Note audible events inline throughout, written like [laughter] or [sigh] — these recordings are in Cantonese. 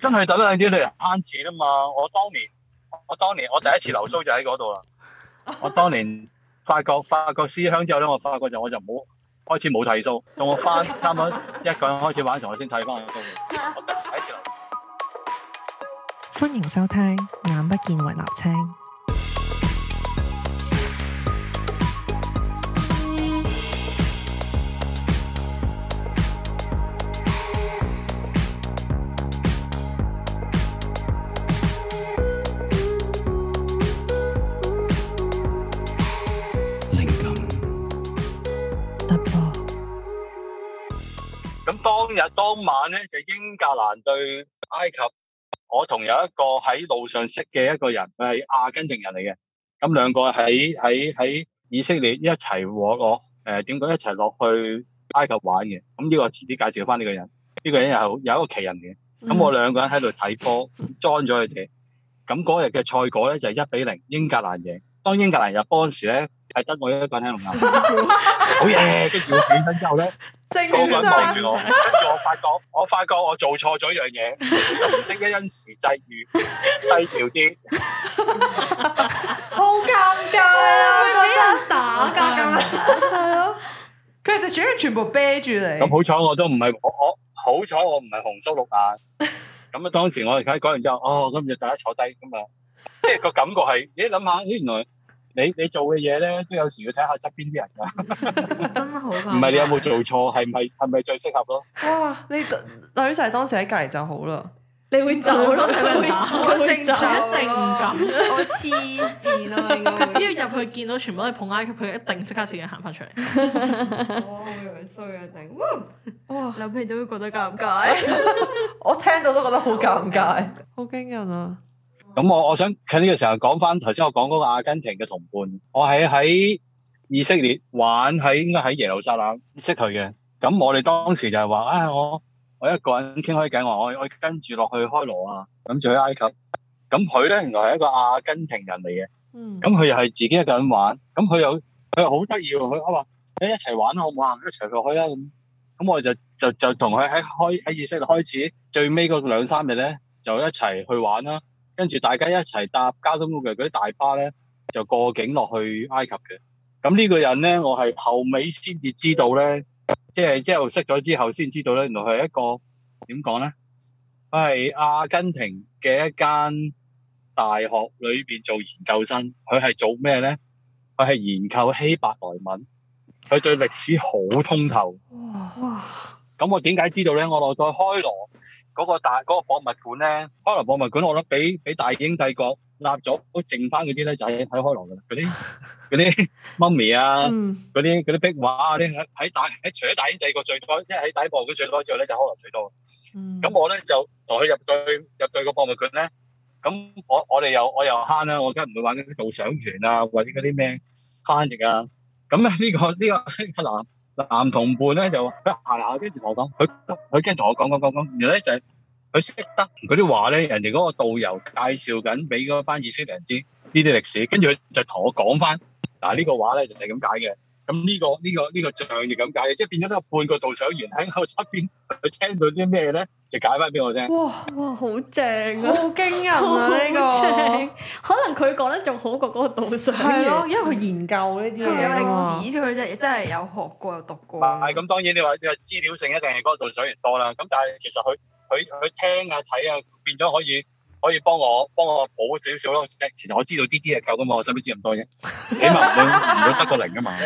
真係等啦，啲人慳錢啊嘛！我當年，我當年我第一次留蘇就喺嗰度啦。我當年發覺發覺思鄉之後咧，我發覺就我就冇開始冇睇數，到我翻差唔多一個人開始玩嘅時候，我先睇翻我數。第一次留。留 [laughs] 歡迎收聽，眼不見為立青。其實當晚咧就是、英格蘭對埃及，我同有一個喺路上識嘅一個人，係阿根廷人嚟嘅，咁兩個喺喺喺以色列一齊和我，誒，點解一齊落去埃及玩嘅，咁呢、呢個遲啲介紹翻，呢個人，呢、呢個人又有，有一個奇人嘅，咁我兩個人喺度睇波，裝咗佢哋，咁嗰日嘅賽果咧就係、是、一比零，英格蘭贏。當英格蘭入波嗰時咧，係得我一個人喺龍牙，好嘢！跟住我轉身之後咧，坐緊望住我，跟住我發覺，我發覺我做錯咗一樣嘢，就唔識得因時制宜，低調啲，好尷尬啊！俾人打噶咁，佢哋主要全部啤住你。咁好彩我都唔係我我好彩我唔係紅鬚綠眼。咁啊，當時我而家講完之後，哦，咁就大家坐低咁啊，即係個感覺係，你諗下，原來。你你做嘅嘢咧，都有時要睇下側邊啲人㗎。真好㗎！唔係你有冇做錯，係咪，係咪最適合咯？哇！你女仔當時喺隔籬就好啦。你會走咯，佢會，佢一定唔敢。我黐線咯！佢只要入去見到全部都捧埃及，佢一定即刻自己行翻出嚟。哇！我以為衰啊，頂哇！兩邊都會覺得尷尬，我聽到都覺得好尷尬，好驚人啊！咁我我想喺呢個時候講翻頭先我講嗰個阿根廷嘅同伴，我係喺以色列玩，喺應該喺耶路撒冷識佢嘅。咁我哋當時就係話，唉、哎，我我一個人傾開偈，我我跟住落去開羅啊，咁就去埃及。咁佢咧原來係一個阿根廷人嚟嘅，咁佢又係自己一個人玩，咁佢又佢又好得意喎，佢我話，你一齊玩好唔好啊？一齊落去啦咁，咁我哋就就就同佢喺開喺以色列開始，最尾嗰兩三日咧就一齊去玩啦。跟住大家一齊搭交通工具嗰啲大巴咧，就過境落去埃及嘅。咁、嗯、呢、呢個人咧，我係後尾先至知道咧，即係即係識咗之後先知道咧，原來佢係一個點講咧，佢係阿根廷嘅一間大學裏邊做研究生。佢係做咩咧？佢係研究希伯來文。佢對歷史好通透。哇！咁、嗯、我點解知道咧？我落咗開羅。嗰個大嗰、那個、博物館咧，開羅博物館我，我覺得比大英帝國納咗，都剩翻嗰啲咧就喺喺開羅嘅啦，嗰啲嗰啲 mummy 啊，嗰啲啲壁畫啊，啲喺大喺除咗大英帝國最多，即係喺底部佢最多之外咧就開羅最多。咁、嗯、我咧就同佢入對入對個博物館咧，咁我我哋又我又慳啦，我梗係唔會玩嗰啲導賞團啊，或者嗰啲咩翻譯啊。咁咧呢個呢、這個開、這個 [laughs] 男同伴咧就話，行啦，跟住同我講，佢佢跟住同我講講講講，然後咧就係佢識得嗰啲話咧，人哋嗰個導遊介紹緊俾嗰班以色列人知呢啲歷史，跟住就同我講翻，嗱、這、呢個話咧就係咁解嘅。咁呢、這個呢、這個呢、這個像嘅咁解嘅，即係變咗呢個半個導賞員喺個側邊佢聽到啲咩咧？就解翻俾我聽。哇哇，好正，啊！ [laughs] 好，好驚啊！呢、 [laughs] 這個 [laughs] 可能佢講得仲好過嗰個導賞員。係咯，啊，因為佢研究呢啲。有歷史佢啫，真係有學過又讀過。係咁，當然你話你話資料性一定係嗰個導賞員多啦。咁但係其實佢佢佢聽啊睇啊，變咗可以。可以幫我幫我補少少咯，其實我知道啲啲係夠噶嘛，我使唔使知咁多嘢？起碼唔會得個零噶嘛。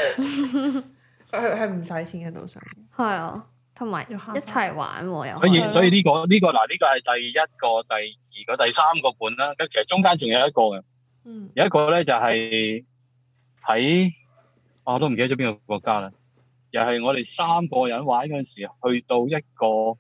係唔使錢嘅路上，係啊，同埋一齊玩又可以。 [laughs] 所以呢、呢個呢、呢個嗱，呢、呢個係第一個、第二個、第三個本啦、啊。咁其實中間仲有一個嘅， [laughs] 有一個咧就係喺、啊、我都唔記得咗邊個國家啦。又係我哋三個人玩嗰陣時，去到一個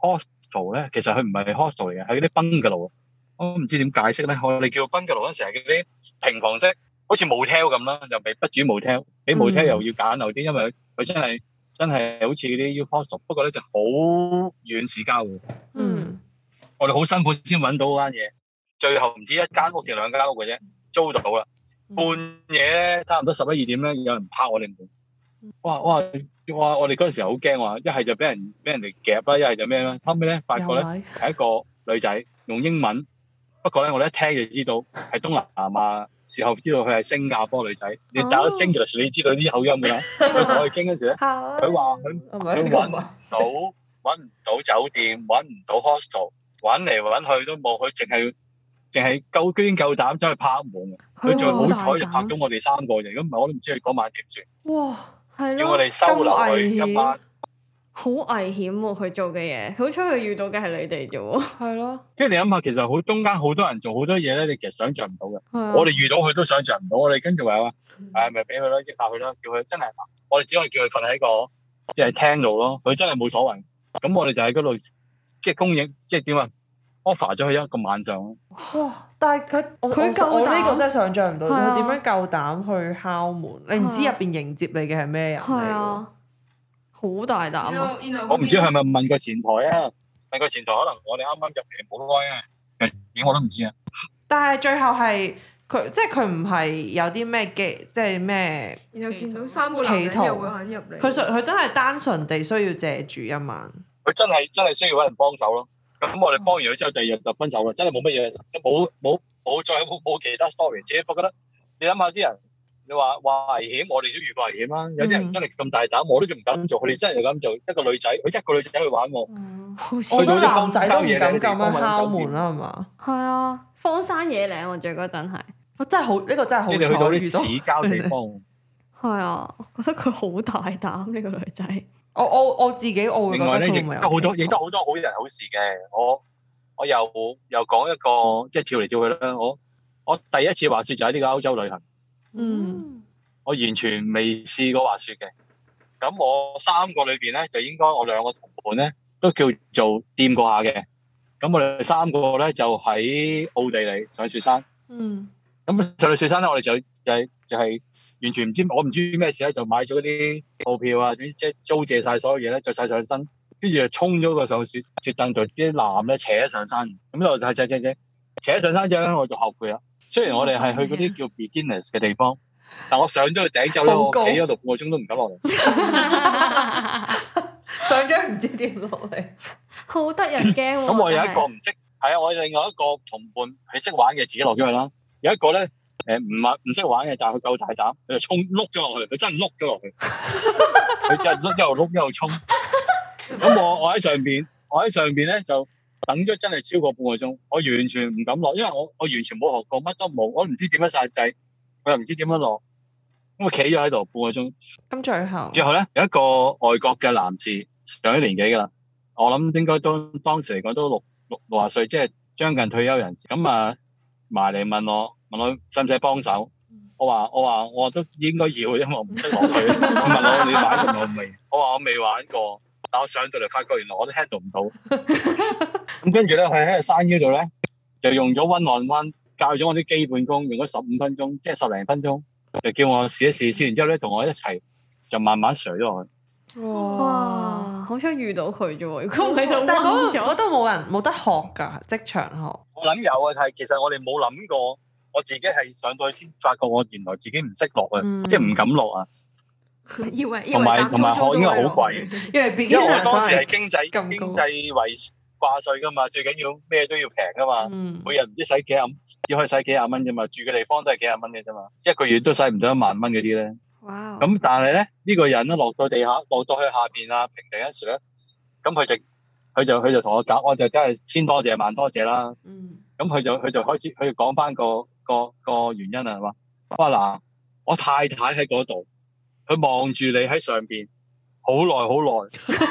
hostel 咧，其實佢唔係 hostel 嚟嘅，係啲 bungalow。我唔知點解釋咧，我哋叫 bungalow 咧，成日嗰啲平房式，好似 motel 咁啦，就比不主 motel，比 motel 又要簡陋啲，嗯、因為佢真係真係好似啲 youth hostel 不過咧就好遠市交戶。嗯，我哋好辛苦先揾到嗰間嘢，最後唔知一間屋，定兩間屋嘅啫，租到啦。半夜咧，差唔多十一二點咧，有人拍我哋門。我話我話我哋嗰陣時好驚，我話一係就俾人俾人哋夾啦，一係就咩啦。」後尾咧，發覺咧係人一個女仔用英文。不過咧，我一聽就知道係東南亞，時候知道佢係新加坡女仔。你打咗 Singlish，你知道啲口音㗎啦。佢同我哋傾嗰時咧，佢話佢佢揾唔到，揾唔到酒店，揾唔到 hostel，揾嚟揾去都冇，佢淨係淨係夠堅夠膽走去拍門。佢仲好彩，就拍到我哋三個人。咁唔係我都唔知佢嗰晚點算。哇，係咯，要我哋收留佢今晚，夠危險。好危險，佢做嘅嘢，好彩佢遇到嘅係你哋啫。係咯。即係你諗下，其實好中間好多人做好多嘢咧，你其實想象唔到嘅。我哋遇到佢都想象唔到，我哋跟住話，誒，咪俾佢咯，激下佢咯，叫佢真係，我哋只可以叫佢瞓喺個即係廳度咯。佢真係冇所謂，咁我哋就喺嗰度即係供應，即係點啊？offer 咗佢一個晚上。哇！但係佢佢夠膽呢個真係想象唔到，佢點樣夠膽去敲門？你唔知入邊迎接你嘅係咩人嚟？好大膽啊，我唔知係咪問個前台啊？問個前台可能我哋啱啱入嚟冇開啊，點我都唔知啊！但係最後係佢，即係佢唔係有啲咩機，即係咩？然後見到三個男仔又會肯入嚟，佢實佢真係單純地需要借住一晚，佢真係真係需要揾人幫手咯。咁我哋幫完佢之後，第二日就分手啦，真係冇乜嘢，冇冇冇再冇冇其他 story。只不過覺得你諗下啲人，人。你話話危險，我哋都遇過危險啦。嗯、有啲人真係咁大膽，我都仲唔敢做。佢哋、嗯、真係咁做，一個女仔，佢一個女仔去玩我，嗯、好去到啲荒山野嶺咁敲門啦，係嘛？係啊，荒山野嶺、啊，我最嗰陣係，我真係好呢、這個真係好。佢哋去到啲市郊地方，係 [laughs] 啊，我覺得佢好大膽呢、這個女仔。我我我自己我會覺得佢唔係有多，亦都好多好人好事嘅。我我又又講一個，即係跳嚟跳去啦。我我第一次話說就喺呢個歐洲旅行。嗯，mm hmm. 我完全未試過滑雪嘅，咁我三個裏邊咧就應該我兩個同伴咧都叫做掂過下嘅，咁我哋三個咧就喺奧地利上雪山，嗯、mm，咁、hmm. 上到雪山咧我哋就就是、就係、是、完全唔知我唔知咩事咧，就買咗啲套票啊，總之即係租借晒所有嘢咧，着晒上身，跟住就衝咗個上雪雪凳台，啲纜咧扯上山，咁就係扯扯扯，扯上山之後咧我就後悔啦。雖然我哋係去嗰啲叫 beginners 嘅地方，但我上咗去頂，就企喺度半個鐘都唔敢落嚟， [laughs] [laughs] 上咗唔知點落嚟， [laughs] 好得人驚。咁、嗯、我有一個唔識，係啊， [laughs] 我另外一個同伴係識玩嘅，自己落咗去啦。有一個咧，誒，唔係唔識玩嘅，但係佢夠大膽，佢就衝碌咗落去，佢真係碌咗落去，佢真係碌又碌又衝。咁 [laughs] 我我喺上邊，我喺上邊咧就。就等咗真係超過半個鐘，我完全唔敢落，因為我我完全冇學過，乜都冇，我唔知點樣剎掣，我又唔知點樣落，咁啊企咗喺度半個鐘。咁最後，最後咧有一個外國嘅男士，上咗年紀噶啦，我諗應該當當時嚟講都六六六十歲，即係將近退休人士。咁啊埋嚟問我，問我使唔使幫手？我話我話我都應該要，因為我唔識落去。 [laughs] 我問我你玩過未？我話我未玩過。但我上到嚟，發覺原來我都 handle 唔到。咁跟住咧，佢喺個山腰度咧，就用咗 one on one 教咗我啲基本功，用咗十五分鐘，即係十零分鐘，就叫我試一試。試完之後咧，同我一齊就慢慢水咗落去。哇！哇好想遇到佢啫，如果唔係哇就温咗。我、那個那個、都冇人，冇得學噶，即場學。我諗有啊，但係其實我哋冇諗過，我自己係上到去先發覺，我原來自己唔識落啊，嗯、即係唔敢落啊。因為因為廣州都係因為，因為我當時係經濟經濟為掛稅噶嘛，最緊要咩都要平噶嘛，嗯、每日唔知使幾廿，只可以使幾廿蚊啫嘛，住嘅地方都係幾廿蚊嘅啫嘛，一個月都使唔到一萬蚊嗰啲咧。哇 Wow！咁、嗯、但係咧呢、這個人咧落到地下，落到去下邊啊平地嗰時咧，咁、嗯、佢、嗯、就佢就佢就同我講，我就真係千多謝萬多謝啦。咁佢、嗯、就佢就開始佢就講翻個個個原因啊嘛。我話嗱，我太太喺嗰度。佢望住你喺上邊，好耐好耐，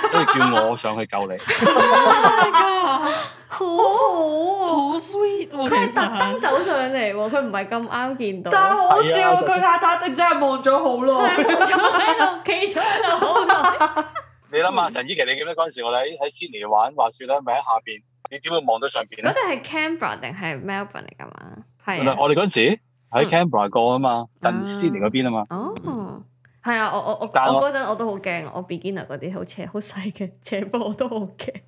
所以叫我上去救你。好好，好 sweet。佢特登走上嚟喎，佢唔係咁啱見到。但係好笑佢太太定真係望咗好耐，企咗喺度，好耐。你諗下，陳依琪，你記得嗰陣時我哋喺喺悉尼玩滑雪咧，咪喺下邊，你點會望到上邊咧？嗰度係 Canberra 定係 Melbourne 嚟噶嘛？係我哋嗰陣時喺 Canberra 過啊嘛，近悉尼嗰邊啊嘛。哦。係啊，我我我嗰陣我，我都好驚，我 beginner 嗰啲好斜好細嘅斜坡我都好驚。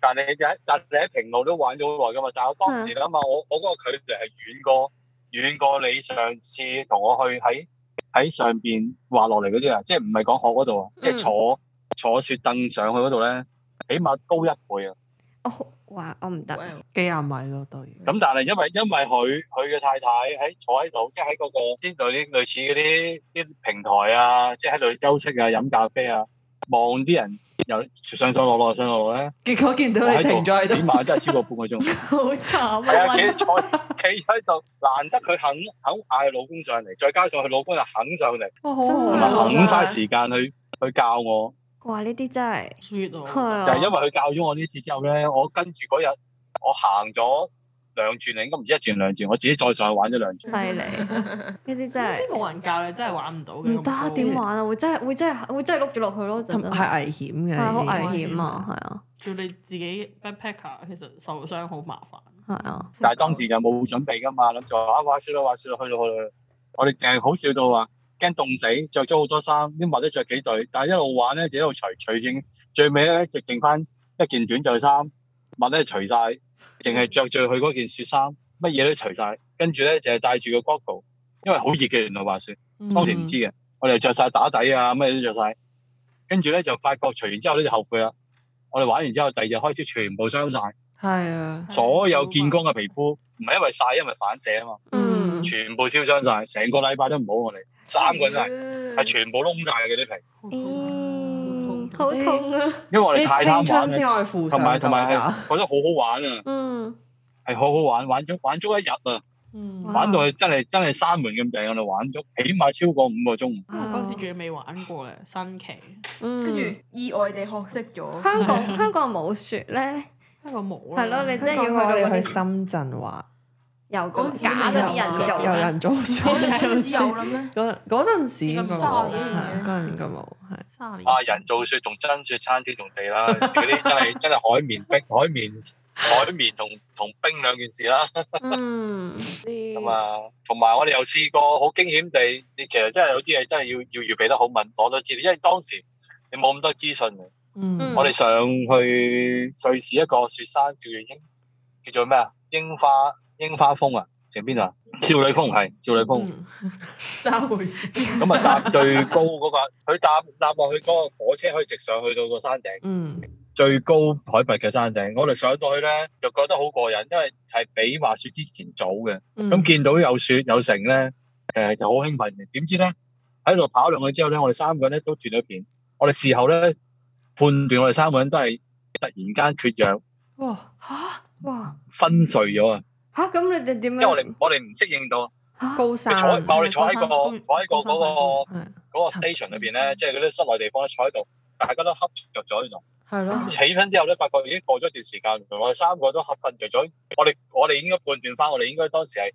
但你喺但你喺平路都玩咗好耐噶嘛？但我當時諗下，我我嗰個距離係遠過遠過你上次同我去喺喺上邊滑落嚟嗰啲啊，即係唔係講學嗰度啊，嗯、即係坐坐雪凳上去嗰度咧，起碼高一倍啊。Oh. 話我唔得，幾廿米咯，對。咁但係因為因為佢佢嘅太太喺坐喺度，即係喺嗰個啲類似類似嗰啲啲平台啊，即係喺度休息啊，飲咖啡啊，望啲人又上上落落上落落咧。結果見到你停咗喺度，起碼真係超過半個鐘。好慘 [laughs] 憐啊，啊！係啊，企坐企喺度，難得佢肯肯嗌老公上嚟，再加上佢老公又肯上嚟，同埋、哦啊、肯嘥時間去去教我。哇！呢啲真係，啊、就係因為佢教咗我呢次之後咧，我跟住嗰日我行咗兩轉，應該唔知一轉兩轉，我自己再上去玩咗兩轉。犀利呢啲真係，冇人教你真係玩唔到嘅。唔得行，點玩啊？會真係會真係會真係碌住落去咯，係還危險嘅，好危險啊，係啊。做你自己 backpacker，其實受傷好麻煩。係啊，但係當時就冇準備噶嘛，諗住啊，玩雪咯，玩雪咯，去咯，去咯，我哋淨係好笑到話。驚凍死，着咗好多衫，啲襪都着幾對，但係一路玩咧，就一路除除剩，最尾咧，一直剩翻一件短袖衫，襪咧除晒，淨係着住佢嗰件雪衫，乜嘢都除晒，跟住咧，淨係戴住個 Goggle，因為好熱嘅原來滑雪，當時唔知嘅，我哋着晒打底啊，乜嘢都着晒，跟住咧就發覺除完之後咧就後悔啦，我哋玩完之後第二日開始全部傷晒，係啊，啊所有見光嘅皮膚。唔係因為晒，因為反射啊嘛，全部燒傷晒，成個禮拜都唔好，我哋三個人真係係全部窿晒，嘅啲皮，好痛啊！因為我哋太貪玩啦，同埋同埋係覺得好好玩啊，嗯，係好好玩，玩咗玩足一日啊，嗯，玩到去真係真係閂門咁滯，我哋玩咗起碼超過五個鐘。嗰時仲未玩過咧，新奇，跟住意外地學識咗。香港香港冇雪咧。係咯，你真係要去哋去深圳話，又嗰假嗰啲人又有人做雪，做有嗰咩？嗰陣時，三年應該冇，係三年。啊，人造雪同真雪差天共地啦，嗰啲真係真係海綿冰、海綿、海綿同同冰兩件事啦。嗯，咁啊，同埋我哋又試過好驚險地，你其實真係有啲嘢真係要要預備得好，問我都知道，因為當時你冇咁多資訊 Mm hmm. 我哋上去瑞士一個雪山，叫做櫻，叫做咩啊？櫻花櫻花峰啊？前邊啊？少女峰係少女峰。咁啊、mm！Hmm. [laughs] 搭最高嗰、那個，佢搭搭落去嗰個火車，可以直上去到個山頂。嗯、mm，hmm. 最高海拔嘅山頂，我哋上到去咧，就覺得好過癮，因為係比滑雪之前早嘅。咁、mm hmm. 見到有雪有剩咧，誒，就好興奮。點知咧，喺度跑落去之後咧，我哋三個人咧都斷咗片。我哋事後咧。判斷我哋三個人都係突然間缺氧哇。哇嚇哇，昏睡咗啊嚇，咁你哋點樣？因為我哋我哋唔適應到高山。我哋殺坐喺、個坐喺、個嗰殺、個嗰對個 station 裏邊咧，即係嗰啲室內地方咧，坐喺度，大家都瞌著咗喺度。係咯的。起身之後咧，發覺已經過咗一段時間，我哋三個都瞌瞓著咗。我哋我哋應該判斷翻，我哋應該當時係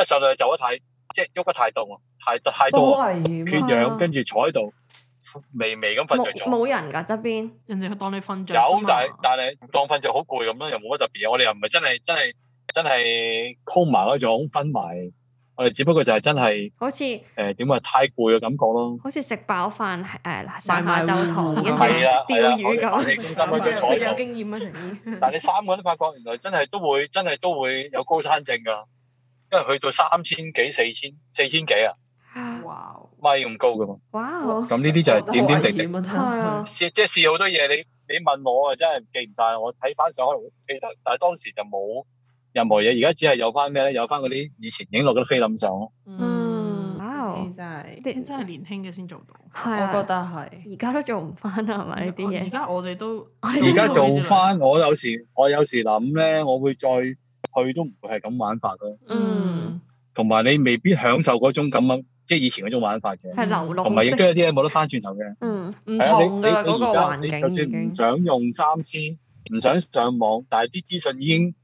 一上去就得太即係喐得太凍啊，太太，太多，太多缺氧跟住坐喺度。微微咁瞓着咗，冇人噶側邊，人哋當你瞓着。有，但係但係當瞓着好攰咁咯，又冇乜特別。我哋又唔係真係真係真係 comma 嗰種瞓埋，我哋只不過就係真係，好似誒點啊太攰嘅感覺咯。好似食飽飯誒，食下晝糖，跟住釣魚咁。我哋三個都有經驗啊，陳依。但係你三個都發覺，原來真係都會真係都會有高山症噶，因為去到三千幾、四千、四千幾啊。哇！米咁高噶嘛？哇！咁呢啲就係點點滴滴，試即係試好多嘢。你你問我啊，真係記唔晒。我睇翻相，我記得，但係當時就冇任何嘢。而家只係有翻咩咧？有翻嗰啲以前影落嗰啲菲林相。嗯，哇！真係啲真係年輕嘅先做到，我覺得係。而家都做唔翻啦，係咪呢啲嘢？而家我哋都而家做翻。我有時我有時諗咧，我會再去都唔會係咁玩法咯。嗯。同埋你未必享受嗰種咁樣。即係以前嗰種玩法嘅，同埋亦都有啲嘢冇得翻轉頭嘅。嗯，唔同噶啦，嗰個環境。就算唔想用三 C，唔想上網，但係啲資訊已經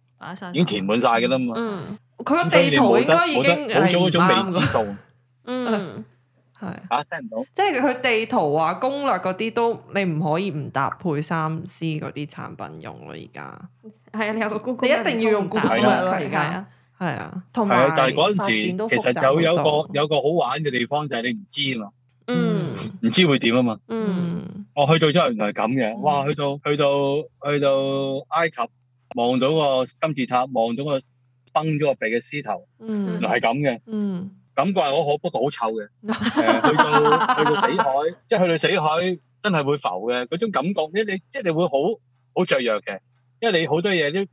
已經填滿晒㗎啦嘛。嗯，佢個地圖應該已經好咗嗰種未知數。嗯，係。啊，聽唔到。即係佢地圖啊、攻略嗰啲都，你唔可以唔搭配三 C 嗰啲產品用咯。而家係啊，你有個 Google，你一定要用 Google 嚟㗎。係啊，同埋發展都複雜但係陣時其實有有個有個好玩嘅地方就係你唔知啊嘛，嗯，唔知會點啊嘛，嗯，我去到之後原來係咁嘅，哇！去到去到去到埃及，望到個金字塔，望到個崩咗個鼻嘅獅頭，原來係咁嘅，嗯，感覺係好可怖，但好臭嘅，誒，去到去到死海，即係去到死海，真係會浮嘅，嗰種感覺咧，你即係你會好好脆弱嘅，因為你好多嘢都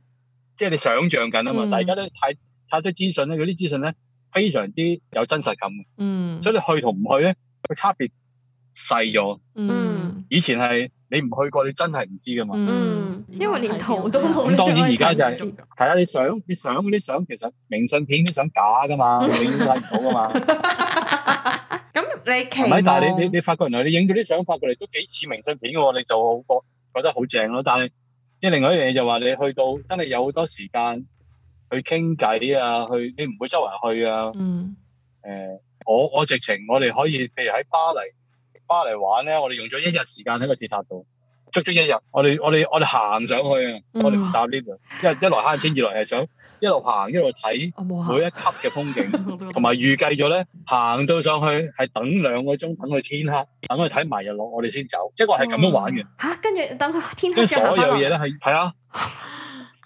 即係你想像緊啊嘛，大家都太。太多資訊咧，嗰啲資訊咧，非常之有真實感嘅。嗯，所以你去同唔去咧，佢差別細咗。嗯，以前係你唔去過，你真係唔知㗎嘛。嗯，因為連圖都冇。咁當然而家就係睇下你相，你相嗰啲相其實明信片啲相假㗎嘛，你影睇唔到㗎嘛。咁你其實，但係你你你發覺原來你影咗啲相發過嚟都幾似明信片㗎喎，你就好覺覺得好正咯。但係即係另外一樣嘢就話你去到真係有好多時間。去傾偈啊！去你唔會周圍去啊！嗯，誒、呃，我我直情，我哋可以，譬如喺巴黎巴黎玩咧，我哋用咗一日時間喺個鐵塔度，足足一日。我哋我哋我哋行上去啊！嗯、我哋唔搭 lift，一一來慳錢，二來係想一路行一路睇每一級嘅風景，同埋噢 [laughs] 預計咗咧行到上去係等兩個鐘，等佢天黑，等佢睇埋日落，我哋先走。即係個係咁樣玩嘅。嚇、嗯啊！跟住等佢天黑再行跟住 [laughs] 所有嘢咧係係啊。 [laughs]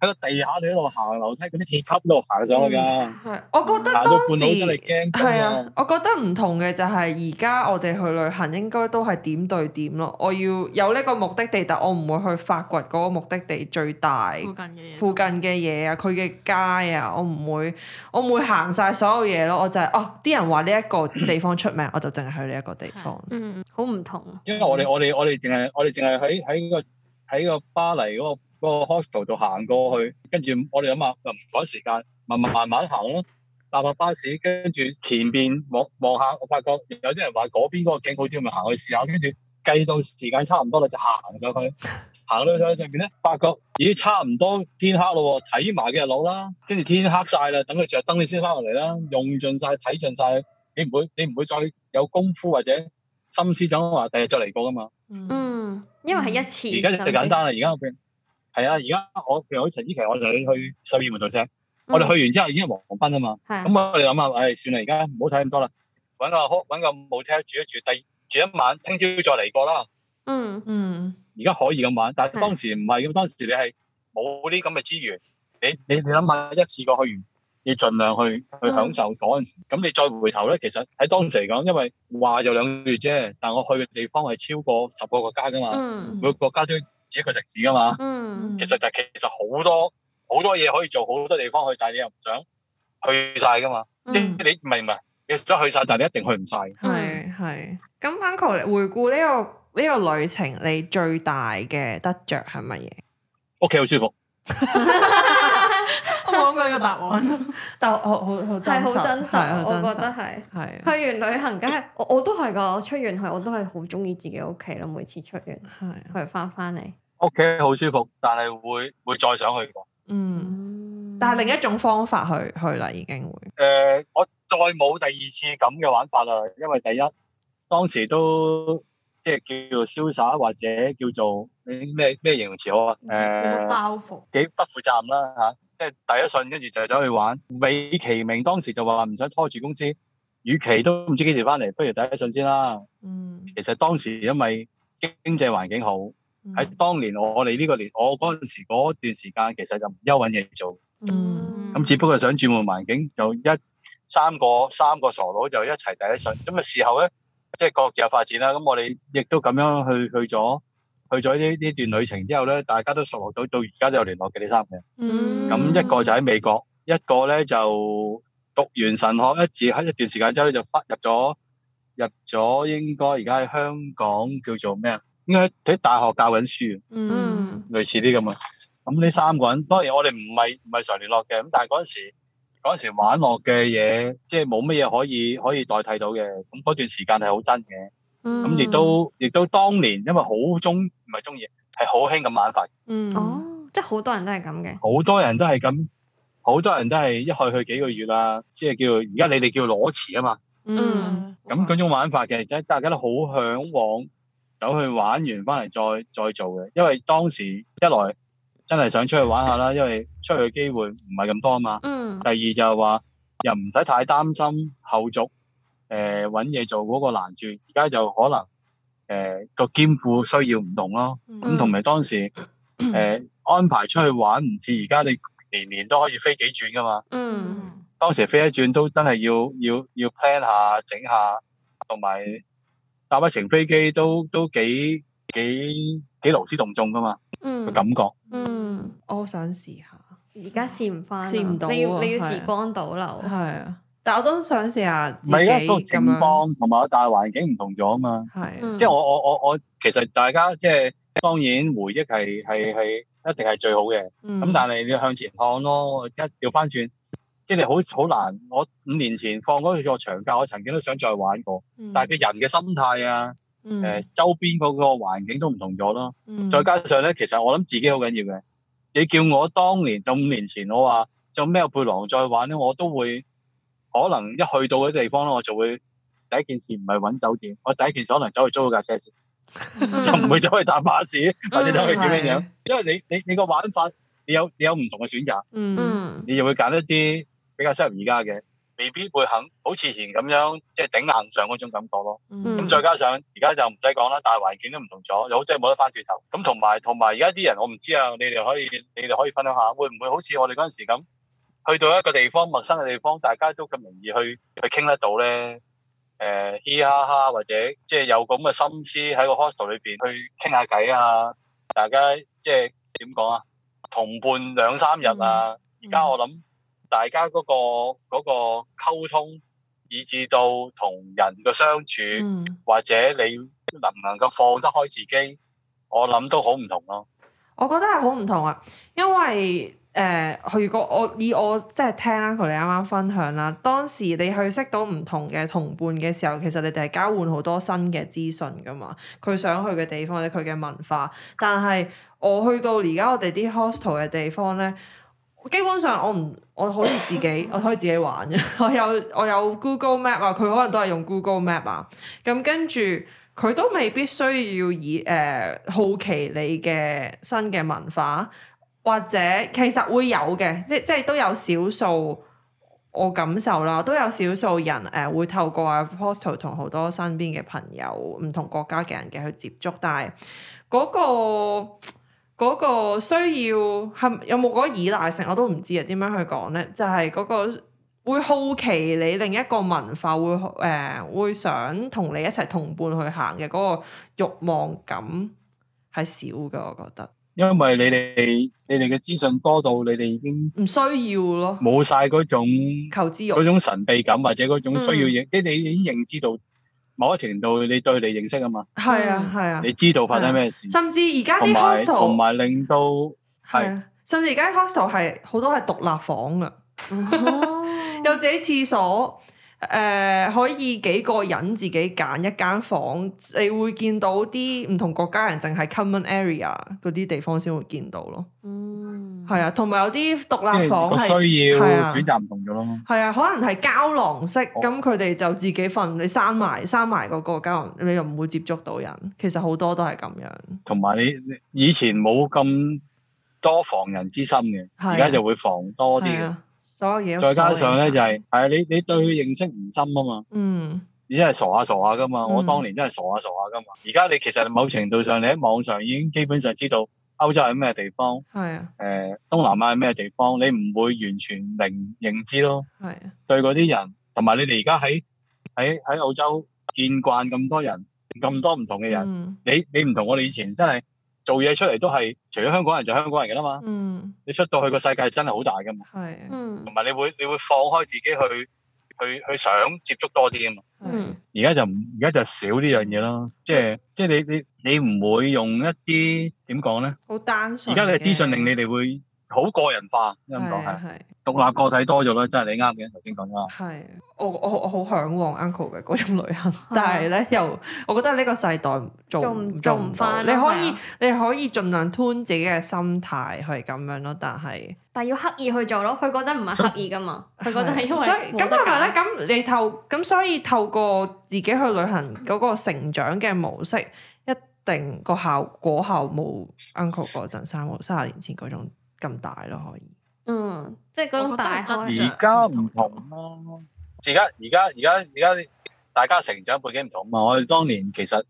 喺個地下度一路行樓梯，嗰啲電梯喺度行上去㗎、啊。係、嗯，我覺得當時係啊，我覺得唔同嘅就係而家我哋去旅行應該都係點對點咯。我要有呢個目的地，但我唔會去發掘嗰個目的地最大附近嘅附近嘅嘢啊，佢嘅街啊，我唔會我唔會行晒所有嘢咯。我就係、是、哦，啲人話呢一個地方出名，嗯、我就淨係去呢一個地方。嗯，好唔同、啊。因為我哋我哋我哋淨係我哋淨係喺喺個。喺個巴黎嗰個嗰個 hostel 度行過去，跟住我哋諗下，就唔趕時間，咪慢慢行咯。搭個巴士，跟住前邊望望，望下，我發覺有啲人話嗰邊嗰個景好啲，咪行去試下。跟住計到時間差唔多啦，就行上去，行到上去上邊咧，發覺咦，差唔多天黑咯，睇埋嘅日落啦。跟住天黑晒啦，等佢着燈你先翻落嚟啦，用盡晒睇盡晒，你唔會你唔會再有功夫或者心思想話第日再嚟過噶嘛。嗯，因為係一次，而家就簡單啦。而家我邊係啊，而家我譬如好陳依琪，我同你去十二門頭石，嗯、我哋去完之後已經黃昏啊嘛。係咁是的 我哋諗下，唉、哎，算啦，而家唔好睇咁多啦，搵個好搵個母車住一住，第住一晚，聽朝再嚟過啦、嗯。嗯嗯，而家可以咁玩，但係當時唔係咁，當時你係冇啲咁嘅資源，你你你諗下一次過去完。你盡量去去享受嗰陣時，咁、嗯、你再回頭咧，其實喺當時嚟講，因為話就兩月啫，但我去嘅地方係超過十個國家噶嘛，嗯、每個國家都只一個城市噶嘛，嗯嗯，其、就是，其實就其實好多好多嘢可以做，好多地方去，但係你又唔想去晒噶嘛，嗯、即你明係唔係，你想去晒，但係你一定去唔晒。係係、嗯，咁 Uncle，回顧呢、呢個呢、呢個旅程，你最大嘅得着係乜嘢？屋企好舒服。 [laughs] [laughs] 講佢嘅答案， [music] [laughs] 但係我好係好、好真實，實真實，我覺得係係的的去完旅行，梗係我我都係噶，我出完去我都係好中意自己屋企咯。每次出完係的去翻翻嚟，屋企好舒服，但係會會再想去過。嗯，但係另一種方法去去啦，已經會誒、呃，我再冇第二次咁嘅玩法啦，因為第一當時都即係叫做瀟灑，或者叫做你咩咩形容詞我啊？誒、呃，包袱幾不負責任啦吓。啊即係遞辭信，跟住就走去玩。美其名當時就話唔想拖住公司，與其都唔知幾時返嚟，不如遞辭信先啦。嗯，其實當時因為經濟環境好，喺、嗯、當年我哋呢個年，我嗰陣時嗰段時間，其實就唔憂揾嘢做。嗯，咁只不過想轉換環境，就一三個三個傻佬就一齊遞辭信。咁啊事後咧，即係各自有發展啦。咁我哋亦都咁樣去去咗。去咗呢呢段旅程之後咧，大家都熟落到，到而家都有聯絡嘅呢三個人。咁、嗯、一個就喺美國，一個咧就讀完神學，一住喺一段時間之後咧就入咗入咗，應該而家喺香港叫做咩啊？應該喺大學教緊書，嗯，類似啲咁啊。咁呢三個人當然我哋唔係唔係常聯絡嘅，咁但係嗰陣時嗰陣時玩樂嘅嘢，嗯、即係冇乜嘢可以可以代替到嘅。咁嗰段時間係好真嘅。咁亦、嗯、都亦都當年，因為好中唔係中意，係好興咁玩法。嗯，哦，嗯、即係好多人都係咁嘅。好多人都係咁，好多人都係一去去幾個月啦、啊。即、就、係、是、叫而家你哋叫裸辭啊嘛。嗯，咁嗰種玩法嘅，即係大家都好向往，走去玩完翻嚟再再做嘅。因為當時一來真係想出去玩下啦，因為出去嘅機會唔係咁多啊嘛。嗯。第二就係話又唔使太擔心後續。誒，搵嘢、呃、做嗰個難處，而家就可能誒、呃、個兼顧需要唔同咯。咁同埋當時誒、呃、 [coughs] 安排出去玩，唔似而家你年年都可以飛幾轉噶嘛。嗯，當時飛一轉都真係要要要 plan 下整下，同埋搭一程飛機都都幾幾幾勞師動眾噶嘛。嗯，感覺。嗯，我好想試下，而家試唔翻，試唔到。你要，你要時光倒流。係啊對。對但我都想試下，唔係啊，個情況同埋大環境唔同咗啊嘛。嗯，即係我我我我其實大家即係當然回憶係係係一定係最好嘅，咁，嗯，但係你要向前看咯。一掉翻轉，即係你好好難。我五年前放嗰個長假，我曾經都想再玩過，嗯，但係個人嘅心態啊，誒、嗯呃，周邊嗰個環境都唔同咗咯。嗯，再加上咧，其實我諗自己好緊要嘅。你叫我當年就五年前我，我話就咩背囊再玩咧，我都會。可能一去到嗰啲地方咯，我就會第一件事唔係揾酒店，我第一件事可能走去租架車先， [laughs] [laughs] 就唔會走去搭巴士 [laughs] [laughs] [laughs] 或者走去點樣。因為你你你個玩法，你有你有唔同嘅選擇，嗯， [laughs] [laughs] 你又會揀一啲比較適合而家嘅，未必會肯好似以前咁樣，即係頂硬上嗰種感覺咯。咁 [laughs] 再加上而家就唔使講啦，大環境都唔同咗，又好似冇得翻轉頭。咁同埋同埋而家啲人，我唔知啊，你哋可以你哋可，可以分享下，會唔會好似我哋嗰陣時咁？去到一個地方，陌生嘅地方，大家都咁容易去去傾得到咧。誒、呃，嘻嘻哈哈，或者即係有咁嘅心思喺個 hostel 裏邊去傾下偈啊。大家即係點講啊？同伴兩三日啊。而家、嗯嗯、我諗大家嗰、嗰個嗰、嗰個、溝通，以至到同人嘅相處，嗯、或者你能唔能夠放得開自己，我諗都好唔同咯、啊。我覺得係好唔同啊，因為誒，佢如果我以我即係聽啦，佢哋啱啱分享啦，當時你去識到唔同嘅同伴嘅時候，其實你哋係交換好多新嘅資訊㗎嘛，佢想去嘅地方或者佢嘅文化。但係我去到而家我哋啲 hostel 嘅地方呢，基本上我唔我可以自己， [coughs] 我可以自己玩嘅。 [laughs] 我有我有 Google Map 啊，佢可能都係用 Google Map 啊。咁跟住佢都未必需要以誒、呃、好奇你嘅新嘅文化。或者其實會有嘅，即即係都有少數我感受啦，都有少數人誒、呃、會透過啊 postal 同好多身邊嘅朋友、唔同國家嘅人嘅去接觸，但係嗰、那個嗰、那個需要係有冇嗰個依賴性，我都唔知啊點樣去講咧。就係、是、嗰個會好奇你另一個文化會誒、呃、會想同你一齊同伴去行嘅嗰、那個慾望感係少噶，我覺得。因為你哋你哋嘅資訊多到，你哋已經唔需要咯，冇曬嗰種求知欲，嗰種神秘感或者嗰種需要認，即係你已經認知到某一個程度，你對你認識啊嘛，係啊係啊，你知道發生咩事，甚至而家啲 hostel 同埋令到係，甚至而家啲 hostel 係好多係獨立房㗎，有自己廁所。誒、呃，可以幾個人自己揀一間房，你會見到啲唔同國家人淨係 common area 嗰啲地方先會見到咯。嗯，係啊，同埋有啲獨立房係，係啊，選擇唔同咗咯。係啊，可能係膠囊式，咁佢哋就自己瞓，你閂埋閂埋個膠囊，你又唔會接觸到人。其實好多都係咁樣。同埋你，你以前冇咁多防人之心嘅，而家、啊、就會防多啲。所再加上咧，人就係、是，係你你對佢認識唔深啊嘛，嗯，你真係傻下、啊、傻下、啊、㗎嘛，嗯、我當年真係傻下、啊、傻下、啊、㗎嘛，而家你其實某程度上你喺網上已經基本上知道歐洲係咩地方，係啊，誒、呃，東南亞係咩地方，你唔會完全零認知咯，係啊，對嗰啲人，同埋你哋而家喺喺喺澳洲見慣咁多人，咁多唔同嘅人，嗯、你你唔同我哋以前真係。做嘢出嚟都係除咗香港人就香港人㗎啦嘛，嗯、你出到去個世界真係好大噶嘛。同埋、嗯、你會你會放開自己去去去想接觸多啲啊嘛，而家、嗯、就而家就少呢樣嘢咯，即係即係你你你唔會用一啲點講咧，好單純，而家你嘅資訊令你哋會。好個人化，唔講係獨立個體多咗咯，真係你啱嘅頭先講咗。係我我我好嚮往 uncle 嘅嗰種旅行，但係咧又我覺得呢個世代做做唔不翻。做做你可以，的你，可以你可以盡量 turn 自己嘅心態係咁樣咯，但係但要刻意去做咯。佢嗰陣唔係刻意噶嘛，佢嗰陣係因為是。所以咁又係咧，咁你透咁所以透過自己去旅行嗰個成長嘅模式，一定個效果效冇 uncle 嗰陣三十年前嗰種。咁大咯，可以。嗯，即係嗰種大開。而家唔同咯，啊，而家而家而家而家大家成長背景唔同啊！我哋當年其實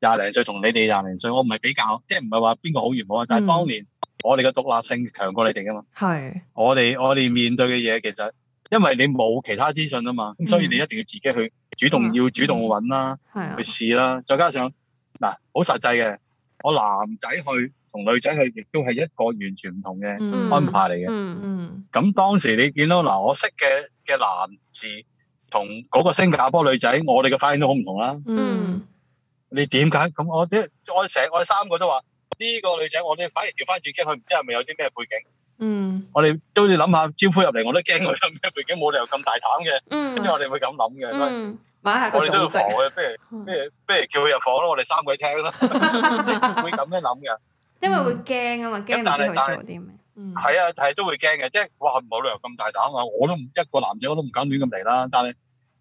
廿零歲同你哋廿零歲，我唔係比較，即係唔係話邊個好完好啊！嗯、但係當年我哋嘅獨立性強過你哋啊嘛。係是。我哋我哋面對嘅嘢，其實因為你冇其他資訊啊嘛，咁所以你一定要自己去主動要、嗯、主動去搵、嗯、啦，嗯、去試啦。的再加上嗱，好實際嘅，我男仔去。同女仔佢亦都係一個完全唔同嘅安排嚟嘅。咁當時你見到嗱，我識嘅嘅男士同嗰個新加坡女仔，我哋嘅反應都好唔同啦。你點解咁？我即係我成我哋三個都話呢個女仔，我哋反而調翻轉驚佢，唔知係咪有啲咩背景？嗯，我哋都要諗下招呼入嚟，我都驚佢有咩背景，冇理由咁大膽嘅。嗯，即係我哋會咁諗嘅陣時，我哋都要防嘅，不如不如不如叫佢入房咯，我哋三個去聽咯，會咁樣諗嘅。因為會驚啊嘛，驚唔、嗯、知佢是做啲咩。係、嗯、啊，係都會驚嘅，即、就、係、是、哇冇理由咁大膽啊！我都唔一個男仔我都唔敢亂咁嚟啦。但係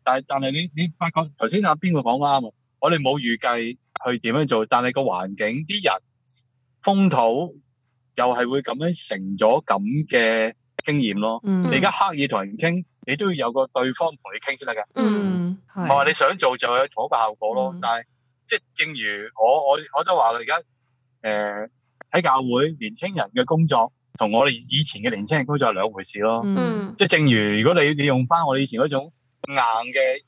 但係但係你你發覺頭先阿邊個講啱啊？我哋冇預計去點樣做，但係個環境啲人風土又係、就是、會咁樣成咗咁嘅經驗咯。嗯、你而家刻意同人傾，你都要有個對方同你傾先得㗎。嗯，係。唔係你想做就有同一個效果咯，嗯、但係即係正如我我我都話啦，而家誒。呃呃喺教會，年青人嘅工作同我哋以前嘅年青人工作係兩回事咯。即係、嗯，正如如果你你用翻我哋以前嗰種硬嘅，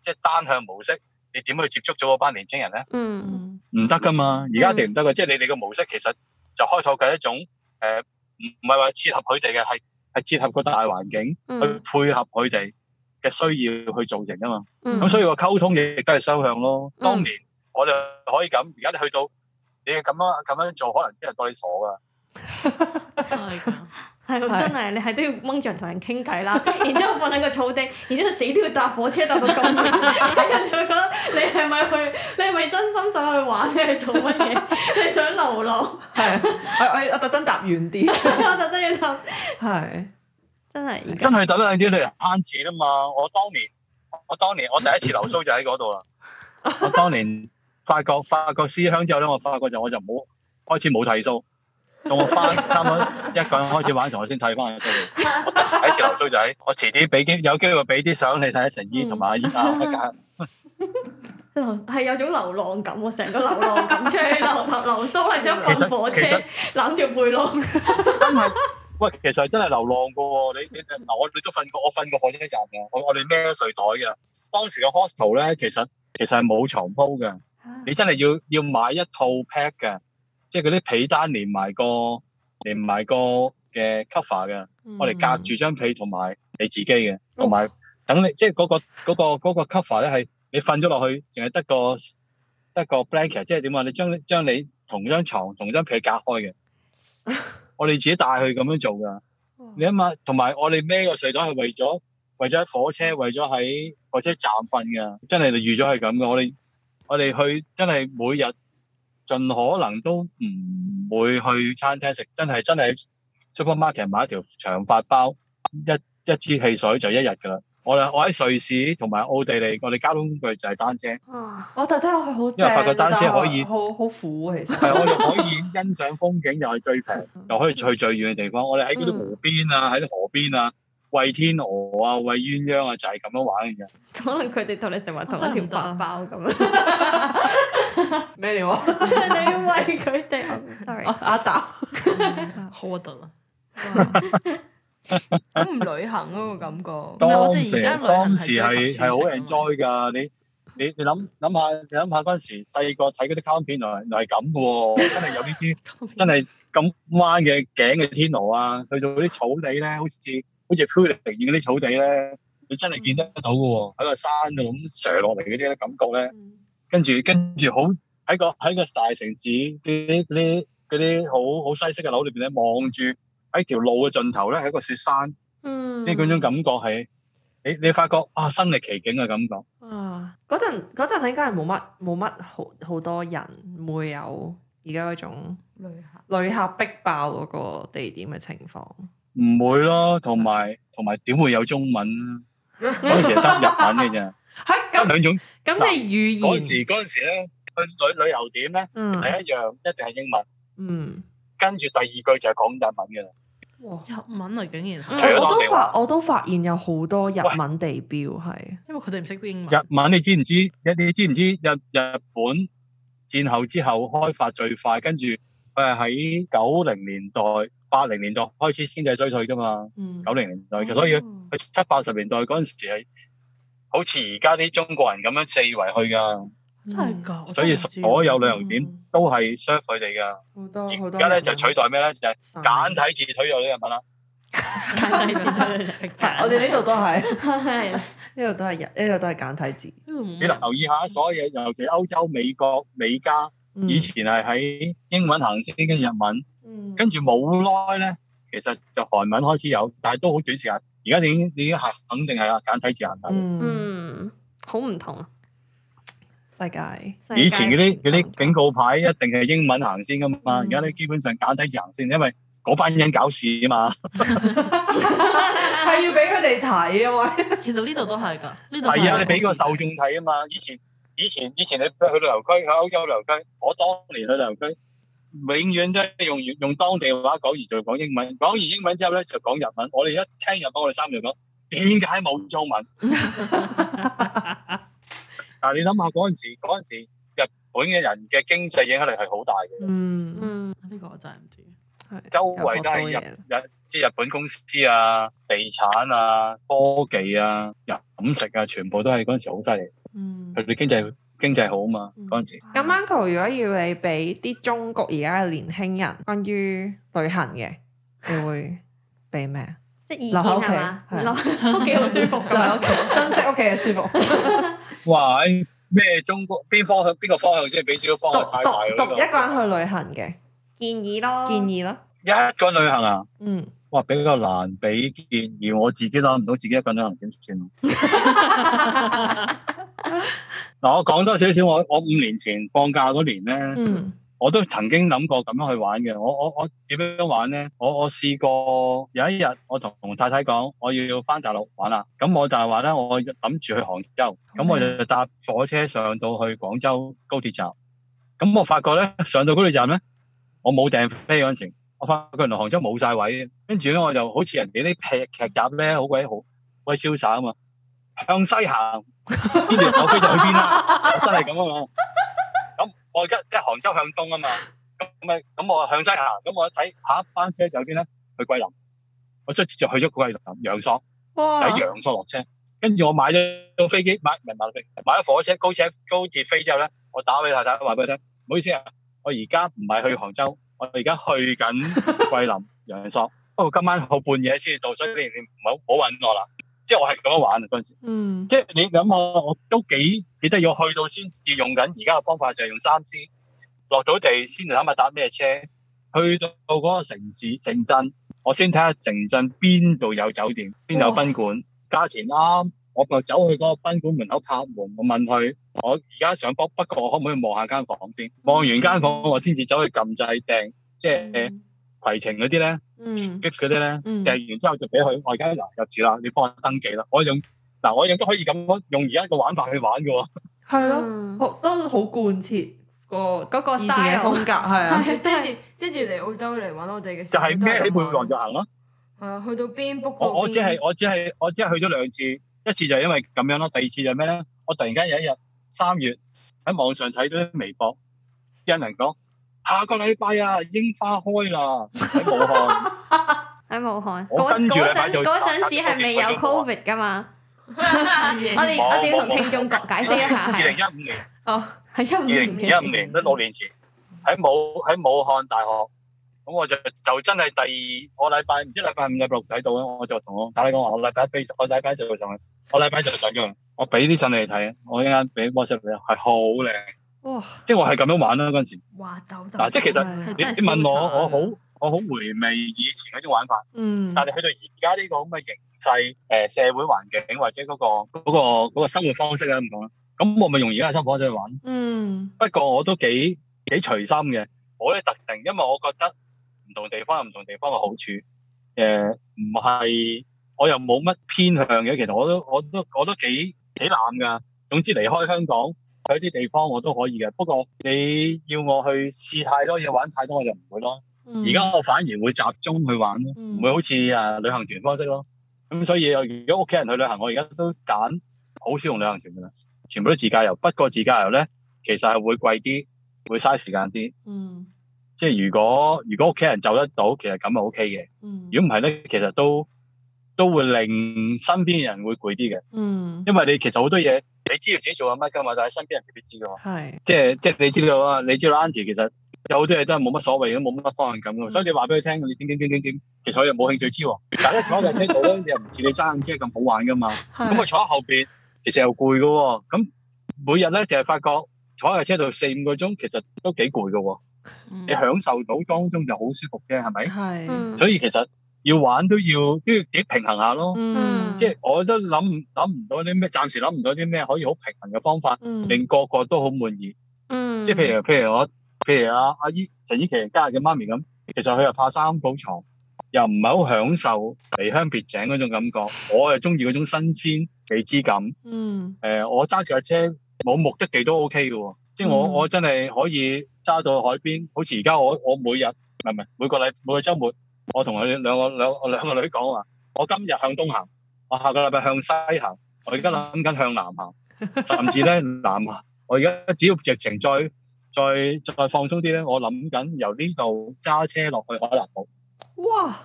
即係單向模式，你點去接觸咗嗰班年青人咧？唔得噶嘛，而家一定唔得噶。嗯、即係你哋嘅模式，其實就開拓緊一種誒，唔係話適合佢哋嘅，係係適合個大環境、嗯、去配合佢哋嘅需要去造成啊嘛。咁、嗯嗯、所以個溝通亦都係雙向咯。當年我哋可以咁，而家你去到。你咁樣咁樣做，可能啲人當你傻噶。係噶，係咯，真係你係都要掹着同人傾偈啦， [laughs] 然之後瞓喺個草地，然之後死都要搭火車搭到咁遠，啲 [laughs] 人就會覺得你係咪去？你係咪真心想去玩？你係做乜嘢？ [laughs] 你想流浪？係 [laughs] 啊，我我特登搭遠啲，我特登要搭，係 [laughs] [laughs] [laughs] 真係真係特登遠啲，你慳錢啊嘛！我當年，我當年，我第一次留宿就喺嗰度啦。我當年。發覺發覺思鄉之後咧，我發覺就我就冇開始冇睇數，我翻差唔多一個人開始玩嘅時候，我先睇翻下數，睇下流蘇仔。我遲啲俾機，有機會俾啲相你睇。陳姨同埋阿依家，係有種流浪感，我成個流浪感出去，流流蘇係一部火車攬住背囊。唔係，喂，其實真係流浪噶，你你，我你都瞓過，我瞓過火車一日嘅，我我哋孭個睡袋嘅。當時嘅 hostel 咧，其實其實係冇床鋪嘅。你真係要要買一套 pack 嘅，即係嗰啲被單連埋個連埋個嘅 cover 嘅，我哋、嗯、隔住張被同埋你自己嘅，同埋等你即係嗰個個個 cover 咧係你瞓咗落去，淨係得個得個 blanket，即係點啊？你將將你同張床同張被隔開嘅，我哋自己帶去咁樣做噶。你諗下，同埋我哋孭個睡袋係為咗為咗喺火車，為咗喺火車站瞓噶，真係你預咗係咁嘅。我哋。我哋去真係每日盡可能都唔會去餐廳食，真係真係 supermarket 買一條長法包，一一支汽水就一日㗎喇。我我喺瑞士同埋奧地利，我哋交通工具就係單車。哇、啊！我特登去好，因為發覺單車可以好好苦、啊、其實。係我哋可以欣賞風景又，又係最平，又可以去最遠嘅地方。我哋喺嗰啲湖邊啊，喺啲、嗯、河邊啊。餵，天鵝啊，餵，鴛鴦啊，就係咁樣玩嘅啫。可能佢哋同你成日玩條白包咁樣咩料啊？即係你餵佢哋 sorry 阿達，好核突啊！咁唔旅行嗰個感覺。當時當時係係好 enjoy 噶，你你你諗諗下，你諗下嗰陣時細個睇嗰啲卡通片，原來原來係咁嘅，真係有呢啲真係咁彎嘅頸嘅天鵝啊，去到啲草地咧，好似～跟住飄嚟遠嗰啲草地咧，你真係見得到噶喎、哦！喺、嗯、個山度咁斜落嚟嗰啲感覺咧，跟住跟住好喺個喺個大城市啲嗰啲啲好好西式嘅樓裏邊咧，望住喺條路嘅盡頭咧喺一個雪山，嗯，呢嗰種感覺係，誒，你發覺啊，身歷奇景嘅感覺啊！嗰陣嗰陣應該係冇乜冇乜好好多人，唔會有而家嗰種旅客旅客逼爆嗰個地點嘅情況。唔會咯，同埋同埋點會有中文？嗰時係得日文嘅啫，係咁兩種咁嘅語言。嗰時嗰陣時咧，去旅旅遊點咧，第一樣，一定係英文。嗯，跟住第二句就係講日文嘅啦。哇，日文啊，竟然係我都發，我都發現有好多日文地標係，因為佢哋唔識英文。日文你知唔知？一你知唔知日日本戰後之後開發最快，跟住誒喺九零年代。八零年代開始先至追佢啫嘛，九零、嗯、年代，所以佢七八十年代嗰陣時好似而家啲中國人咁樣四圍去噶，嗯、所以所有旅遊點都係傷佢哋噶。而家咧就取代咩咧？就係、是、簡體字取代咗日文啦。我哋呢度都係，呢度 [laughs] 都係日，呢度都係簡體字。你留意下，所有尤其歐洲、美國、美加以前係喺英文行先跟日文。嗯嗯、跟住冇耐咧，其實就韓文開始有，但係都好短時間。而家已經已經係肯定係啊簡體字行文、嗯。嗯，好唔同啊。世界。以前嗰啲啲警告牌一定係英文行先噶嘛，而家咧基本上簡體字行先，因為嗰班人搞事啊嘛。係要俾佢哋睇啊？喂，其實呢度都係噶，呢度係啊，你俾個受眾睇啊嘛。以前以前以前你去到旅遊區喺歐洲旅遊區，我當年去旅遊區。永遠都係用用當地話講完就講英文，講完英文之後咧，就講日文。我哋一聽日本，我哋三句講，點解冇中文？嗱， [laughs] [laughs] 你諗下嗰陣時，陣時日本嘅人嘅經濟影響力係好大嘅、嗯。嗯嗯、呢、這個我真係唔知，周圍都係日日，即係日本公司啊、地產啊、科技啊、人飲食啊，全部都係嗰陣時好犀利。嗯，佢哋經濟。經濟好啊嘛嗰陣時。咁 Uncle，如果要你俾啲中國而家嘅年輕人關於旅行嘅，你會俾咩？留屋企係嘛？都幾好舒服㗎喎，珍惜屋企嘅舒服。哇！咩中國邊方向，邊個方向先係俾少啲方向？太大咯，一個人去旅行嘅建議咯，建議咯。一個人旅行啊？嗯。哇，比較難俾建議。我自己諗唔到自己一個人旅行點算咯。嗱， [laughs] 我講多少少，我我五年前放假嗰年咧，嗯、我都曾經諗過咁樣去玩嘅。我我我點樣樣玩咧？我呢我試過有一日，我同太太講，我要翻大陸玩啦。咁我就係話咧，我諗住去杭州，咁我就搭火車上到去廣州高鐵站。咁我發覺咧，上到高鐵站咧，我冇訂飛嗰陣時，我發覺原來杭州冇晒位嘅。跟住咧，我就好似人哋啲劇劇集咧，好鬼好鬼瀟灑啊嘛，向西行。邊條 [laughs] 我飛咗去邊啦， [laughs] 我真係咁啊嘛。咁、嗯、我而家即係杭州向東啊嘛，咁咪咁我向西行，咁、嗯、我一睇下一班車就去邊咧？去桂林，我即係就去咗桂林陽朔，喺陽朔落車，跟住我買咗飛機，買唔係買買咗火車、高鐵、高鐵飛之後咧，我打俾太太，話俾佢聽，唔好意思啊，我而家唔係去杭州，我而家去緊桂林陽朔，不過今晚好半夜先到，所以你唔好好搵我啦。即係我係咁樣玩啊嗰陣時，嗯、即係你諗下，我都幾記得要去到先至用緊而家嘅方法，就係用三 C 落到地先諗下搭咩車，去到嗰個城市城鎮，我先睇下城鎮邊度有酒店，邊度有賓館，價錢啱，我就走去嗰個賓館門口拍門，我問佢，我而家想 book 不過我可唔可以望下間房先？望、嗯、完間房我先至走去撳掣訂，即係攜、嗯、程嗰啲咧。嗯，嗰啲咧，訂完之後就俾佢，我而家又入住啦，你幫我登記啦，我用嗱，我亦都可以咁用而家個玩法去玩噶喎。係咯的，嗯、都好貫徹個嗰個沙雕風格，係啊，跟住跟住嚟澳洲，嚟玩我哋嘅，就係孭起背包就行咯。係啊，去到邊不 o 我只係我只係我只係去咗兩次，一次就因為咁樣咯，第二次就咩咧？我突然間有一日三月喺網上睇咗啲微博，啲人嚟講。下個禮拜啊，櫻花開啦！喺武漢，喺武漢。我跟住嗰陣時係未有 covid 噶嘛？我哋我哋要同聽眾解釋一下，係二零一五年。哦，係一五年。二零一五年，一六年前，喺武喺武漢大學，咁我就就真係第二，我禮拜唔知禮拜五、禮拜六仔到咧，我就同我打你講話，我禮拜飛，我禮拜就上去，我禮拜就上去，我俾啲信你睇，我啱啱俾 WhatsApp 你，係好靚。哦、即係我係咁樣玩啦嗰陣時。嗱，即係其實你是你問我，我好我好回味以前嗰種玩法。嗯。但係去到而家呢個咁嘅形勢，誒社會環境或者嗰、嗰個、嗰個、嗰個生活方式咧，唔同啦。咁我咪用而家嘅生活方式去玩。嗯。不過我都幾幾隨心嘅，我都特定，因為我覺得唔同地方唔同地方嘅好處。誒、呃，唔係我又冇乜偏向嘅，其實我都我都我都，我都幾幾懶㗎。總之離開香港。佢啲地方我都可以嘅，不過你要我去試太多嘢玩太多，我就唔會咯。而家、嗯、我反而會集中去玩咯，唔、嗯、會好似啊旅行團方式咯。咁所以，如果屋企人去旅行，我而家都揀好少用旅行團嘅啦，全部都自駕遊。不過自駕遊咧，其實係會貴啲，會嘥時間啲。嗯，即係如果如果屋企人就得到，其實咁係 OK 嘅。如果唔係咧，其實都都會令身邊嘅人會攰啲嘅。嗯，因為你其實好多嘢。你知道自己做緊乜噶嘛？但係身邊人未必知噶嘛。係是。即係即係你知道啦。你知道 Auntie 其實有好多嘢都係冇乜所謂，都冇乜方向感噶。嗯、所以你話俾佢聽，你點點點點點，其實佢又冇興趣知。但係咧坐喺架車度咧， [laughs] 你又唔似你揸緊車咁好玩噶嘛。咁佢是坐喺後邊，其實又攰噶。咁每日咧就係、是、發覺坐喺架車度四五個鐘，其實都幾攰噶。嗯、你享受到當中就好舒服嘅，係咪？係是。嗯、所以其實。要玩都要都要幾平衡下咯，即係我都諗諗唔到啲咩，暫時諗唔到啲咩可以好平衡嘅方法，令個個都好滿意。即、就、係、是、譬如譬如我譬如阿、啊、阿姨陳依琪家嘅媽咪咁，其實佢又怕三寶床，又唔係好享受離鄉別井嗰種感覺。我又中意嗰種新鮮未知感。誒、呃，我揸住架車冇目的地都 O K 嘅喎，即係我我真係可以揸到海邊，好似而家我我每日唔係唔係每個禮每個週末。我同佢兩個兩兩個女講話，我今日向東行，我下個禮拜向西行，我而家諗緊向南行，甚至咧 [laughs] 南行。我而家只要疫情再再再放鬆啲咧，我諗緊由呢度揸車落去海南島。哇，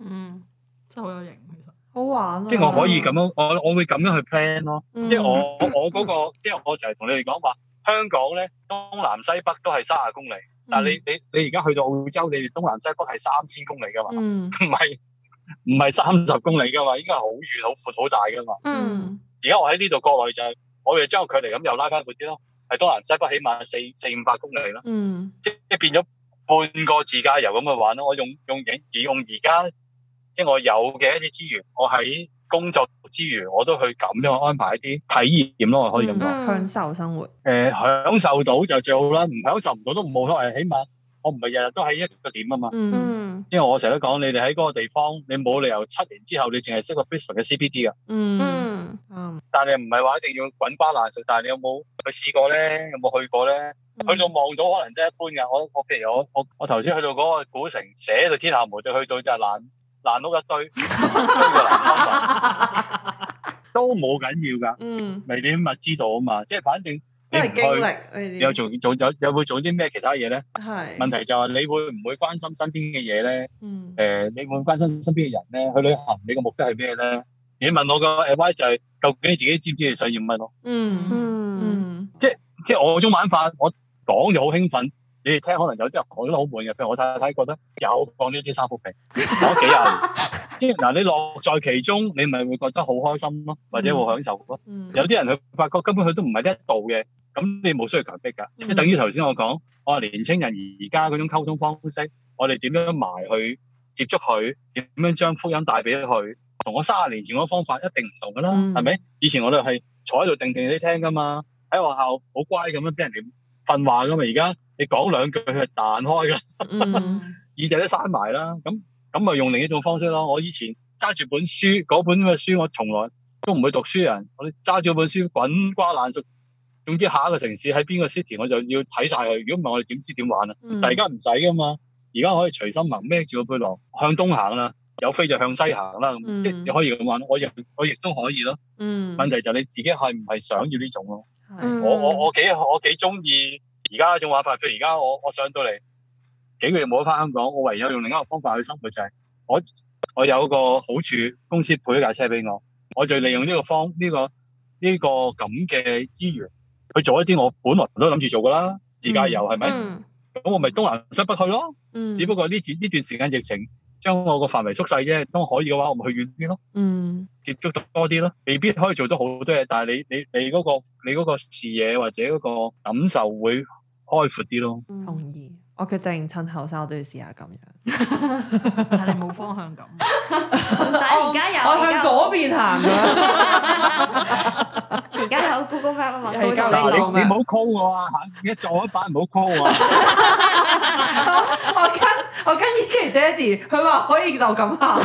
嗯，真係好有型，其實好玩咯、啊。即係我可以咁樣，我我會咁樣去 plan 咯。嗯、即係我我嗰、那個，嗯、即係我就係同你哋講話，香港咧東南西北都係卅公里。但係你你你而家去到澳洲，你哋東南西北係三千公里噶嘛？唔係唔係三十公里噶嘛？應該係好遠、好闊、好大噶嘛？而家、嗯、我喺呢度國內就係、是，我哋將個距離咁又拉翻闊啲咯。喺東南西北起碼四四五百公里咯。即、嗯、即變咗半個自駕遊咁去玩咯。我用用影而用而家即我有嘅一啲資源，我喺。工作之餘，我都去咁樣安排啲體驗咯，我可以咁講、嗯，享受生活。誒、呃，享受到就最好啦，唔享受唔到都唔冇所謂。起碼我唔係日日都喺一個點啊嘛。嗯，因為我成日都講，你哋喺嗰個地方，你冇理由七年之後你淨係識個 b a 嘅 CPD 啊。嗯嗯。但係唔係話一定要滾瓜爛熟，但係你有冇去試過咧？有冇去過咧？嗯、去到望到可能真係一般嘅。我我譬如我我我頭先去到嗰個古城，寫到天下無敵就去到就爛。賺到一堆， [laughs] [laughs] 都冇緊要噶。嗯，未點咪知道啊嘛，即係反正你唔去，你又做做又又會做啲咩其他嘢咧？係是問題就係你會唔會關心身邊嘅嘢咧？嗯，誒、呃，你會關心身邊嘅人咧？去旅行你個目的係咩咧？你問我個 advice 就係究竟你自己知唔知你想要乜咯？嗯，嗯嗯即係即係我嗰種玩法，我講就好興奮。你哋聽可能有啲人講得好悶嘅，譬如我太太覺得有講呢啲三幅被，講咗幾廿年。即係嗱你樂在其中，你咪會覺得好開心咯，或者會享受咯。有啲人佢發覺根本佢都唔係一道嘅，咁你冇需要強迫噶，即係等於頭先我講，我話年青人而家嗰種溝通方式，我哋點樣埋去接觸佢，點樣將福音帶俾佢，同我卅年前嗰個方法一定唔同噶啦，係咪？以前我哋係坐喺度定定啲聽噶嘛，喺學校好乖咁樣俾人哋。廢話噶嘛，而家你講兩句佢係彈開噶、嗯， [laughs] 耳仔都閂埋啦。咁咁咪用另一種方式咯。我以前揸住本書，嗰本咁嘅書我從來都唔會讀書人，我哋揸住本書滾瓜爛熟。總之下一個城市喺邊個 city，我就要睇晒佢。如果唔係我哋點知點玩啊？嗯、但而家唔使噶嘛，而家可以隨心行，孭住個背囊向東行啦、啊，有飛就向西行啦、啊。嗯、即係你可以咁玩，我亦我亦都可以咯。嗯、問題就你自己係唔係想要呢種咯？Mm hmm. 我我我幾我幾中意而家一種玩法，譬如而家我我上到嚟幾個月冇得翻香港，我唯有用另一個方法去生活就係、係、我我有個好處，公司配一架車俾我，我就利用呢個方呢、呢個呢、呢個咁嘅資源去做一啲我本來都諗住做噶啦，自駕遊係咪？咁、mm hmm. 我咪東南西北去咯。只不過呢次呢段時間疫情。將我個範圍縮細啫，當我可以嘅話，我咪去遠啲咯，嗯、接觸到多啲咯，未必可以做到好多嘢，但係你你你嗰個你嗰個視野或者嗰個感受會開闊啲咯。嗯、同意，我決定趁後生，我都要試下咁樣， [laughs] 但係冇方向感，而家有我，我向嗰邊行。 [laughs] [laughs] 而家有 Google map 啊嘛，在在上上你了你唔好 call 我啊！一撞一板唔好 call 我，啊、 [laughs] 我。我跟我跟 Erik Daddy，佢話可以就咁行。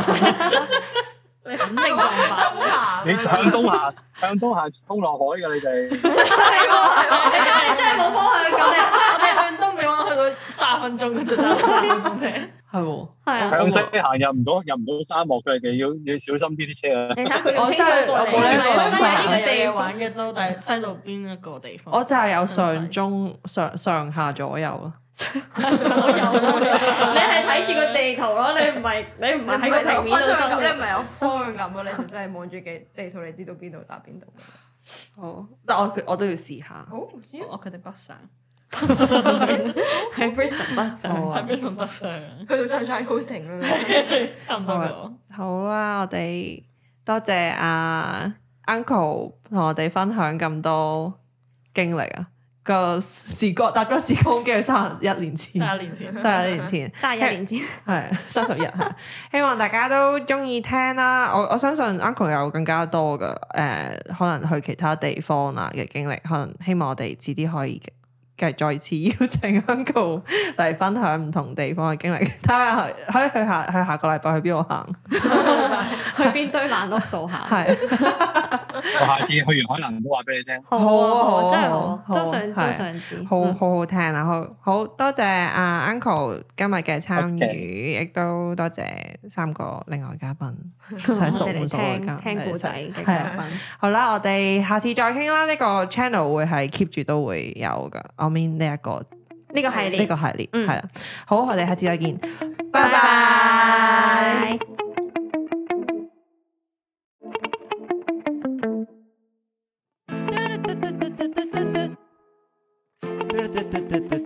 [laughs] 你肯定向東行，你，你， [laughs] 你向東行，向東行衝落海㗎！你哋係喎係喎，你真係冇幫佢咁。你哋，我向東邊啦，去咗三十分鐘嗰陣，三十分鐘啫。 [laughs] 係喎，係啊，行入唔到，入唔到沙漠，佢哋要要小心啲啲車啊！你睇我真係唔係喺呢個地玩嘅都，但係西到邊一個地方？我就係有上中上上下左右啊，左右，你係睇住個地圖咯，你唔係你唔係喺個平面度，你唔係有方向，你純粹係望住嘅地圖，你知道邊度搭邊度。好，但我我都要試下。好，唔知？我決定北上。喺布什伯上， [laughs] oh, [laughs] 去到上海 coasting、嗯、 [laughs] [laughs] 差唔多好、啊。好啊，我哋多謝阿、啊、uncle 同我哋分享咁多經歷啊，個時光，搭咗時空機去三十一年前，卅 [laughs] 年前，卅 [laughs] 年前，三十一年前係三十日。希望大家都中意聽啦、啊。我我相信 uncle 有更加多嘅誒、呃，可能去其他地方啊嘅經歷，可能希望我哋遲啲可以。係再次邀請 Uncle 嚟分享唔同地方嘅經歷，睇下可以去下去下個禮拜去邊度行，去邊堆爛屋度行。係，我下次去完海南都話俾你聽。好啊，好，真係，好，想都好，好好好好聽啦，好多謝阿 Uncle 今日嘅參與，亦、okay. 都多謝三個另外嘉賓，想熟唔熟嘅嘉賓。聽古仔嘅嘉賓。好啦，我哋下次再傾啦。呢、這個 channel 會係 keep 住都會有㗎。呢一個呢個系列呢個系列，嗯，係啦，好，我哋下次再見，拜拜。拜拜。